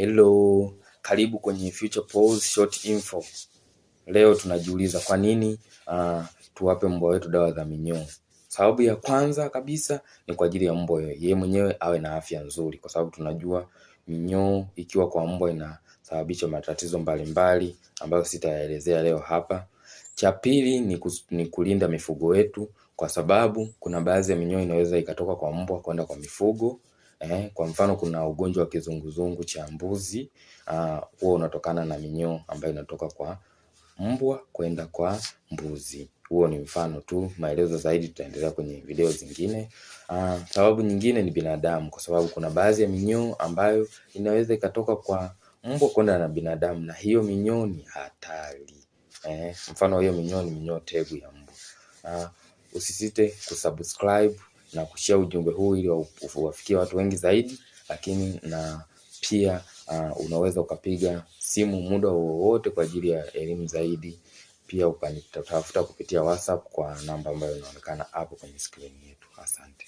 Hello, karibu kwenye Future Pulse Short Info. Leo tunajiuliza kwa nini uh, tuwape mbwa wetu dawa za minyoo. Sababu ya kwanza kabisa ni kwa ajili ya mbwa yeye mwenyewe awe na afya nzuri, kwa sababu tunajua minyoo ikiwa kwa mbwa inasababisha matatizo mbalimbali ambayo sitayaelezea leo hapa. Cha pili ni, ni kulinda mifugo wetu, kwa sababu kuna baadhi ya minyoo inaweza ikatoka kwa mbwa kwenda kwa mifugo. Eh, kwa mfano kuna ugonjwa wa kizunguzungu cha mbuzi ah, huwa uh, unatokana na minyoo ambayo inatoka kwa mbwa kwenda kwa mbuzi. Huo ni mfano tu, maelezo zaidi tutaendelea kwenye video zingine. Uh, sababu nyingine ni binadamu, kwa sababu kuna baadhi ya minyoo ambayo inaweza ikatoka kwa mbwa kwenda na binadamu, na hiyo minyoo ni hatari eh, mfano hiyo minyoo ni minyoo tegu ya mbwa. Uh, usisite kusubscribe na kushia ujumbe huu ili wafikie watu wengi zaidi, lakini na pia uh, unaweza ukapiga simu muda wowote kwa ajili ya elimu zaidi. Pia ukanitafuta kupitia WhatsApp kwa namba ambayo inaonekana hapo kwenye skrini yetu. Asante.